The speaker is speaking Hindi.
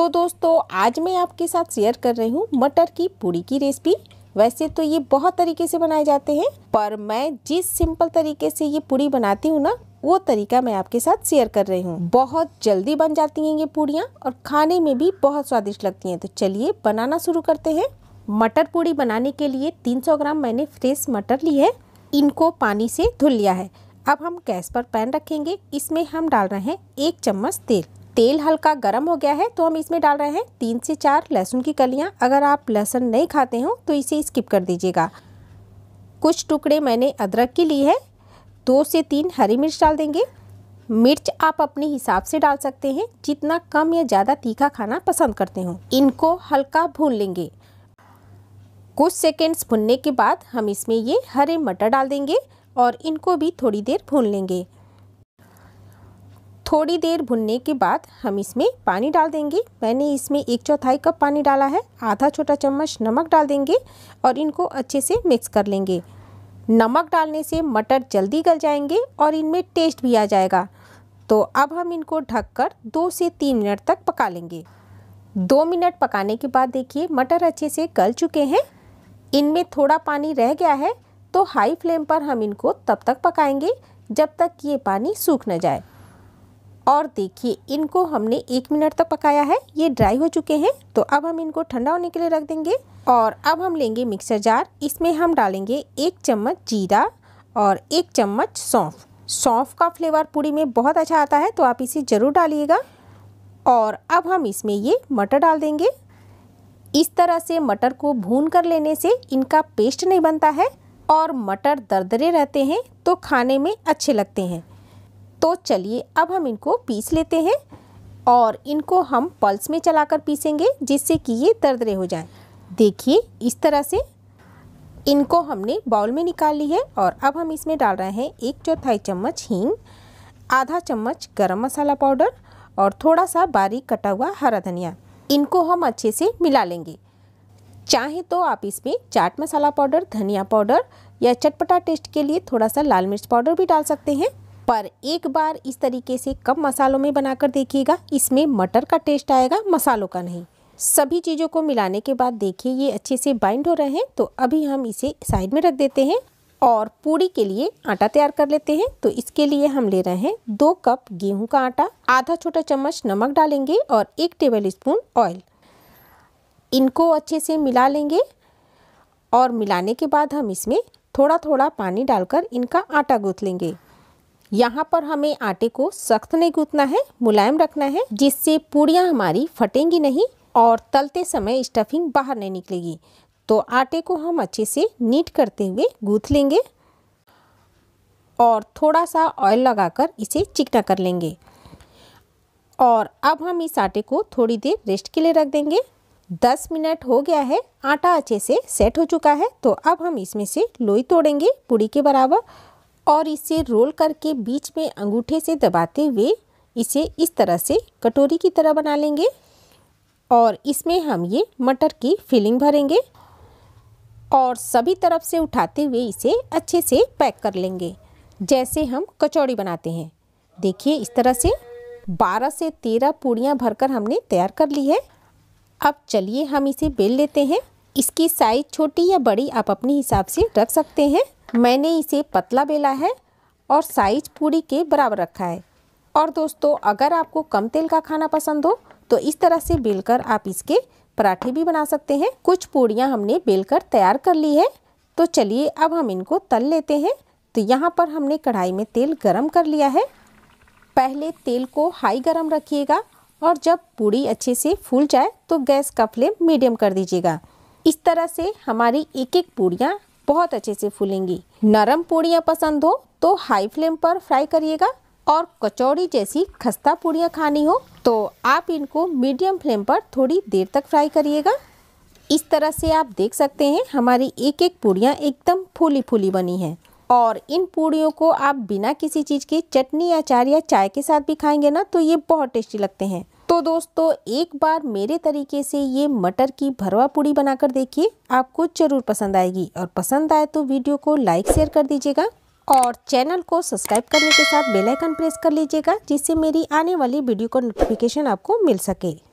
तो दोस्तों आज मैं आपके साथ शेयर कर रही हूँ मटर की पूरी की रेसिपी वैसे तो ये बहुत तरीके से बनाए जाते हैं पर मैं जिस सिंपल तरीके से ये पूरी बनाती हूँ ना वो तरीका मैं आपके साथ शेयर कर रही हूँ बहुत जल्दी बन जाती हैं ये पूड़ियाँ और खाने में भी बहुत स्वादिष्ट लगती हैं तो चलिए बनाना शुरू करते हैं मटर पूड़ी बनाने के लिए 300 ग्राम मैंने फ्रेश मटर ली है इनको पानी से धुल लिया है अब हम गैस पर पैन रखेंगे इसमें हम डाल रहे हैं एक चम्मच तेल तेल हल्का गर्म हो गया है तो हम इसमें डाल रहे हैं तीन से चार लहसुन की कलियाँ अगर आप लहसुन नहीं खाते हो तो इसे स्किप कर दीजिएगा कुछ टुकड़े मैंने अदरक की ली है दो से तीन हरी मिर्च डाल देंगे मिर्च आप अपने हिसाब से डाल सकते हैं जितना कम या ज़्यादा तीखा खाना पसंद करते हो इनको हल्का भून लेंगे कुछ सेकेंड्स भुनने के बाद हम इसमें ये हरे मटर डाल देंगे और इनको भी थोड़ी देर भून लेंगे थोड़ी देर भुनने के बाद हम इसमें पानी डाल देंगे मैंने इसमें एक चौथाई कप पानी डाला है आधा छोटा चम्मच नमक डाल देंगे और इनको अच्छे से मिक्स कर लेंगे नमक डालने से मटर जल्दी गल जाएंगे और इनमें टेस्ट भी आ जाएगा तो अब हम इनको ढककर दो से तीन मिनट तक पका लेंगे दो मिनट पकाने के बाद देखिए मटर अच्छे से गल चुके हैं इनमें थोड़ा पानी रह गया है तो हाई फ्लेम पर हम इनको तब तक पकाएंगे जब तक ये पानी सूख न जाए और देखिए इनको हमने एक मिनट तक पकाया है ये ड्राई हो चुके हैं तो अब हम इनको ठंडा होने के लिए रख देंगे और अब हम लेंगे मिक्सर जार इसमें हम डालेंगे एक चम्मच जीरा और एक चम्मच सौंफ सौंफ का फ्लेवर पूरी में बहुत अच्छा आता है तो आप इसे ज़रूर डालिएगा और अब हम इसमें ये मटर डाल देंगे इस तरह से मटर को भून कर लेने से इनका पेस्ट नहीं बनता है और मटर दरदरे रहते हैं तो खाने में अच्छे लगते हैं तो चलिए अब हम इनको पीस लेते हैं और इनको हम पल्स में चलाकर पीसेंगे जिससे कि ये दरदरे हो जाएं। देखिए इस तरह से इनको हमने बाउल में निकाल ली है और अब हम इसमें डाल रहे हैं एक चौथाई चम्मच हींग आधा चम्मच गरम मसाला पाउडर और थोड़ा सा बारीक कटा हुआ हरा धनिया इनको हम अच्छे से मिला लेंगे चाहे तो आप इसमें चाट मसाला पाउडर धनिया पाउडर या चटपटा टेस्ट के लिए थोड़ा सा लाल मिर्च पाउडर भी डाल सकते हैं पर एक बार इस तरीके से कम मसालों में बनाकर देखिएगा इसमें मटर का टेस्ट आएगा मसालों का नहीं सभी चीज़ों को मिलाने के बाद देखिए ये अच्छे से बाइंड हो रहे हैं तो अभी हम इसे साइड में रख देते हैं और पूड़ी के लिए आटा तैयार कर लेते हैं तो इसके लिए हम ले रहे हैं दो कप गेहूं का आटा आधा छोटा चम्मच नमक डालेंगे और एक टेबल स्पून ऑयल इनको अच्छे से मिला लेंगे और मिलाने के बाद हम इसमें थोड़ा थोड़ा पानी डालकर इनका आटा गूँथ लेंगे यहाँ पर हमें आटे को सख्त नहीं गूंथना है मुलायम रखना है जिससे पूड़ियाँ हमारी फटेंगी नहीं और तलते समय स्टफिंग बाहर नहीं निकलेगी तो आटे को हम अच्छे से नीट करते हुए गूँथ लेंगे और थोड़ा सा ऑयल लगाकर इसे चिकना कर लेंगे और अब हम इस आटे को थोड़ी देर रेस्ट के लिए रख देंगे दस मिनट हो गया है आटा अच्छे से सेट हो चुका है तो अब हम इसमें से लोई तोड़ेंगे पूड़ी के बराबर और इसे रोल करके बीच में अंगूठे से दबाते हुए इसे इस तरह से कटोरी की तरह बना लेंगे और इसमें हम ये मटर की फिलिंग भरेंगे और सभी तरफ से उठाते हुए इसे अच्छे से पैक कर लेंगे जैसे हम कचौड़ी बनाते हैं देखिए इस तरह से 12 से 13 पूड़ियाँ भरकर हमने तैयार कर ली है अब चलिए हम इसे बेल लेते हैं इसकी साइज़ छोटी या बड़ी आप अपने हिसाब से रख सकते हैं मैंने इसे पतला बेला है और साइज पूरी के बराबर रखा है और दोस्तों अगर आपको कम तेल का खाना पसंद हो तो इस तरह से बेलकर आप इसके पराठे भी बना सकते हैं कुछ पूड़ियाँ हमने बेलकर तैयार कर ली है तो चलिए अब हम इनको तल लेते हैं तो यहाँ पर हमने कढ़ाई में तेल गरम कर लिया है पहले तेल को हाई गरम रखिएगा और जब पूड़ी अच्छे से फूल जाए तो गैस का फ्लेम मीडियम कर दीजिएगा इस तरह से हमारी एक एक पूड़ियाँ बहुत अच्छे से फूलेंगी नरम पूड़ियाँ पसंद हो तो हाई फ्लेम पर फ्राई करिएगा और कचौड़ी जैसी खस्ता पूड़ियाँ खानी हो तो आप इनको मीडियम फ्लेम पर थोड़ी देर तक फ्राई करिएगा इस तरह से आप देख सकते हैं हमारी एक एक पूड़ियाँ एकदम फूली फूली बनी हैं और इन पूड़ियों को आप बिना किसी चीज़ के चटनी अचार या चाय के साथ भी खाएंगे ना तो ये बहुत टेस्टी लगते हैं तो दोस्तों एक बार मेरे तरीके से ये मटर की भरवा पूड़ी बनाकर देखिए आपको ज़रूर पसंद आएगी और पसंद आए तो वीडियो को लाइक शेयर कर दीजिएगा और चैनल को सब्सक्राइब करने के साथ बेल आइकन प्रेस कर लीजिएगा जिससे मेरी आने वाली वीडियो का नोटिफिकेशन आपको मिल सके